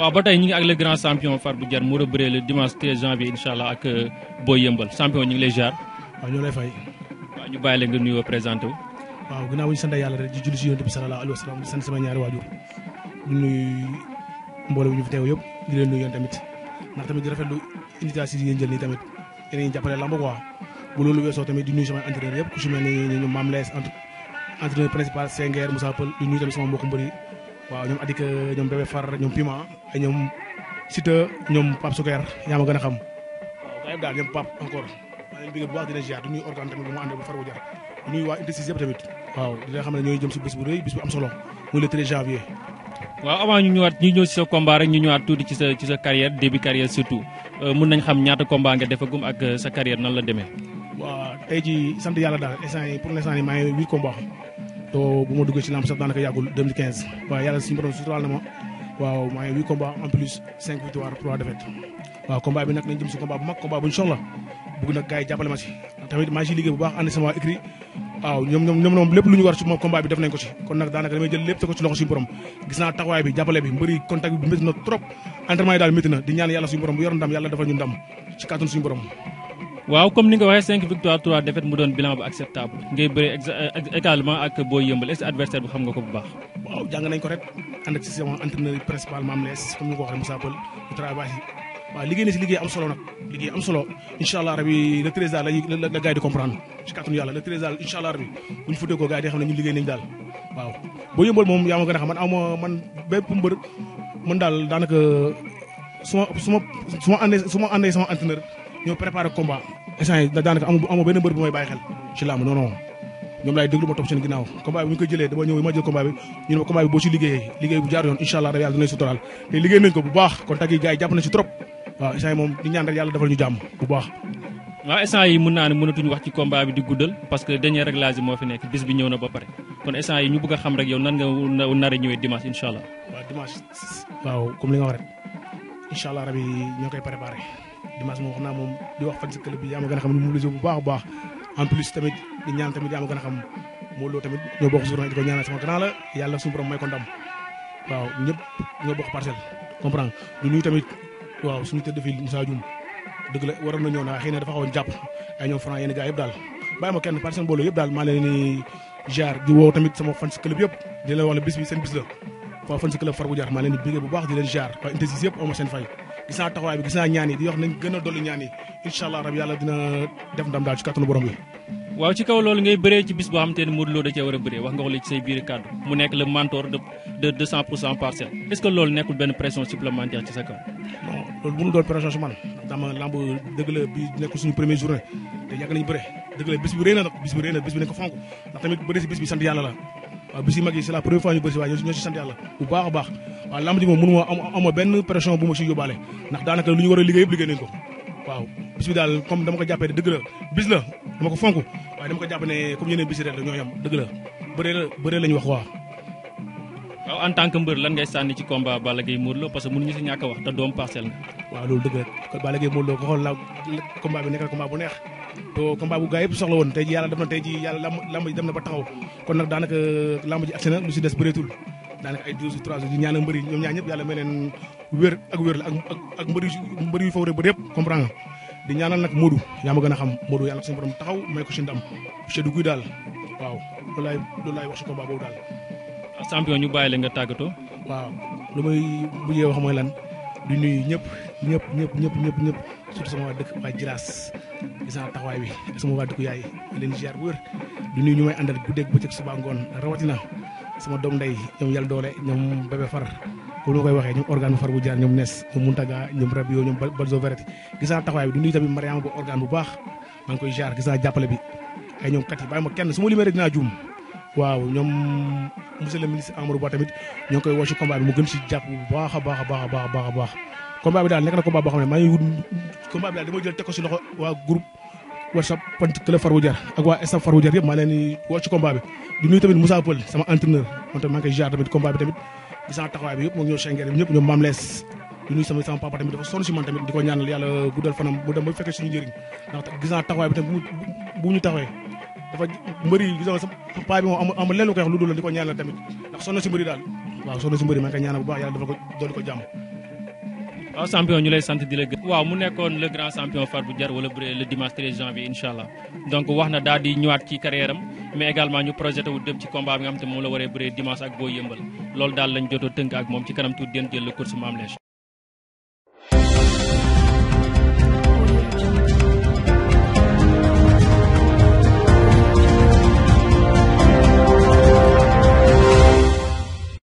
waaw ba tey ñu ngi ak le grand champion Farba Diagne mu war a bëree le dimanche 13 janvier incha allah ak euh, Boy Yeumbeul champion ñu ngi lay jaar. waaw ñoo lay fay. waaw ñu bàyyi la nga nuyoo présenté wu. waaw ginnaaw bi ñu sant yàlla rek di julli si yonent bi sallallahu alayhi wa sallam di sant sama ñaari waajur di nuyu mbooloo bi ñu fi teew yëpp di leen nuyu yéen tamit ndax tamit di rafetlu invitation yi ngeen jël nii tamit yéen a ngi jàppale lamb quoi bu loolu weesoo tamit di ñu Mame Less entraîneur principal Senghor Moussa Pël di nuyu tamit sama mbokku mbër waaw ñoom Adik ñoom Bébé Far ñoom Pima ay ñoom Siteu ñoom Pape Souker yaa ma gën a xam waaw gars yi daal ñoom Pape encore maa du ñuy organe tamit bu ma àndee bu faru jar du ñuy waa intestis yëpp tamit waaw dina xam ne ñooy jëm si bis bu rëy bis bu am solo muy le 13 janvier waaw avant ñu ñëwaat ñu ñëw si sa combat rek ñu ñëwaat tuuti ci sa ci sa carrière début carrière surtout euh, mun nañ xam ñaata combat nga defagum ak euh, sa carrière nan la demee waaw tey ji sant yàlla daal instant to bu ma duggé ci lamb sax daanaka yagul 2015 wa yalla suñu borom suturaal na ma waaw ma ngi combat en plus 5 victoires 3 défaites wa combat bi nak nañ jëm ci combat bu mag combat bu ñu soxla bëgg nag gars yi ma ci tamit ma ci liggé bu baax andi sama écrit waaw ñom ñom ñom ñom lepp luñu war ci moom combat bi def nañ ko ci kon nag daanaka dama jël lepp te ko ci loxo suñu borom gis na taxway bi jappalé bi mbeuri contact bi métti na trop entraînement yi dal métti na di ñaan yalla suñu borom bu yor ndam yalla dafa ñu ndam ci carton suñu borom waaw comme ni nga waxee 5 victoire 3 défaite mu doon bilan bu acceptable ngay bëri également ak booy yëmbal est-ce adversaire bi xam nga ko bu baax. waaw jàng nañ ko rek ànd si sama entraîneur yi principalement am les comme ni ko waxee Moussa si liggéey am solo nag liggéey am solo incha allah rabi le la la gars yi di comprendre si kàttanu yàlla le treize daal incha allah rabi bu ñu fa déggoo gars di xam ne ñun liggéey nañ daal waaw. boo yëmbal moom yaa ma gën a xam man aw ma man bépp mbër man daal daanaka su ma su ma su ma àndee su ma àndee sama entraîneur ñoo préparé combat instant yii daanaka amu amu benn mbër bu may bàyyi xel ci làmb non non ñoom déglu ma topp seen ginnaaw combat bi ñu koy jëlee dama ñëw ma jël combat bi ñu ne ma boo ci liggéeyee liggéey bu jaar yoon incha allah rabi yàlla dinañ sutural te liggéey nañ ko bu baax kon tag yi jàpp na ci trop waaw instant yii moom di ñaan rek yàlla defal ñu jàmm bu baax waaw instant yi mën naa ne mënatuñu wax ci combat bi di guddal parce que dernier moo fi nekk bis bi ñëw xam rek yow incha allah rabi ñoo koy préparé dimanche moom wax naa moom di wax fan si club bi yaa ma gën a xam ne mobilisé bu baax a baax en plus tamit di ñaan tamit yaa ma gën a xam moo loolu tamit ñoo bokk journée di ko ñaanal sama grand la yàlla suñu borom may ko ndam waaw ñëpp ñoo bokk parcelle comprendre du nuyu tamit waaw suñu tëdd fii Moussa dëgg la waroon na ñëw na xëy na dafa xawoon jàpp ay ñoom franc yéen gars yëpp daal bàyyi ma kenn parcelle mbooloo yëpp daal maa leen ni tamit sama fan si yëpp di la wax ne bis fa fan si club farbu bu Jaar maa leen di bégee bu baax di leen jaar waa intesi o ma sen fay gis naa taxawaay bi gis naa di wax nañ gëna a dolli ñaan yi incha allah dina def ndam dal ci katunu borom bi waaw ci kaw loolu ngay bëree ci bis bo xamanteni Modou Lo da ci wara a wax nga wax li ci say biir cadre mu nekk le mentor de de 200% par cent est ce que loolu nekkul ben pression supplémentaire ci sa kaw non loolu mënu dool pression si man dama lamb deug la bi nekk suñu premier journée te yag nañu bëree deug la bis bu reena bis bu reena bis bi nañ fonku ndax tamit bëree si bis bi sant yalla la waaw ah, bis yi mag yi c'est la première fois ñu bëri si waaye ñoo si sant bu baax baax waaw ah, lamb ji moom mënu ma am ama benn pression bu ma si yóbbaale ndax daanaka lu ñu war liggéey liggéey nañ ko waaw bis bi daal comme dama ko jàppee ne dëgg la bis la dama ko fonk waaye dama ko jàpp ne comme yeneen bis yi ren la ñoo yam dëgg la bëree la bëree lañ wax waaw waaw en tant que mbër lan ngay sànni ci combat Balla Gaye Lo parce que mënuñu si ñàkk a wax te doom parcelle waaw Lo ko xool la combat bi nekk combat bu neex do combat bu gaay bu soxla won tey yalla dem na tey ji yàlla lamb dem na ba taxaw kon nak danaka lamb ji accena na lu si des bëreetul daanaka ay 12 3 jours ñaanal mbeuri ñom ñaan ñep yalla may wër ak wër la ak ak mbeuri mbëri yu fawre ba yëpp comprendre di ñaanal nak Modou ya ma gëna xam Modou yalla suñu borom taxaw may ko ci ndam ci du guy dal waaw loolu laay loolu laay wax ci combat boobu dal champion ñu bàyyi nga tagato waaw lu may mujjee wax moy lan di nuyu ñep ñep ñep ñep ñep surtout sama waa dëkk waa Jilaas di sama taxawaay bi sama waa dëkku yaay leen ziar bu du nuyu ñu may àndal guddeeg bëccëg suba ngoon rawatina sama doom nday ñoom yal doole ñoom bebe far ko ni koy waxee ñoom organe bu far bu jaar ñoom nes ñoom muntaga ñoom rabio ñoom balzo verete gis naa taxawaay bi du nuyu tamit mariama bu organe bu baax maa ngi koy jaar gis naa jàppale bi ay ñoom kat yi bàyyi ma kenn su ma limee rek dinaa juum waaw ñoom monsieur le ministre Amadou Ba tamit ñoo koy ci combat bi mu gën ci jàpp bu baax a baax a baax a baax a baax combat bi daal nekk na combat boo xam ne maa ngi wut combat bi daal dama jël teg ko si loxo waa groupe whatsapp pant kële Farou Diar ak waa staff Farou Diar yëpp maa leen di woo ci combat bi. di nuyu tamit Moussa Paul sama entraîneur moom tamit maa ngi koy jaar tamit combat bi tamit gis yëpp moom ñoo Schenker sama sama tamit dafa sonn si man tamit di ñaanal yàlla guddal fanam bu dem ba fekkee suñu njëriñ ndax gis naa taxawaay bi tamit bu ñu taxawee dafa mbëri yi sa papa bi moom amul lenn lu koy wax lu dul la di waaw champion ñu lay sant di la gërëm. waaw mu nekkoon le grand champion Farba Diar wala Bré le dimanche 13 janvier incha allah donc wax na daal di ñëwaat ci carrière am mais également ñu projeté wu dem ci combat bi nga xam te moom la waree bëree dimanche ak boo yëmbal loolu daal lañ jotoo tënk ak moom ci kanam tuuti den jël le course Mame Lèche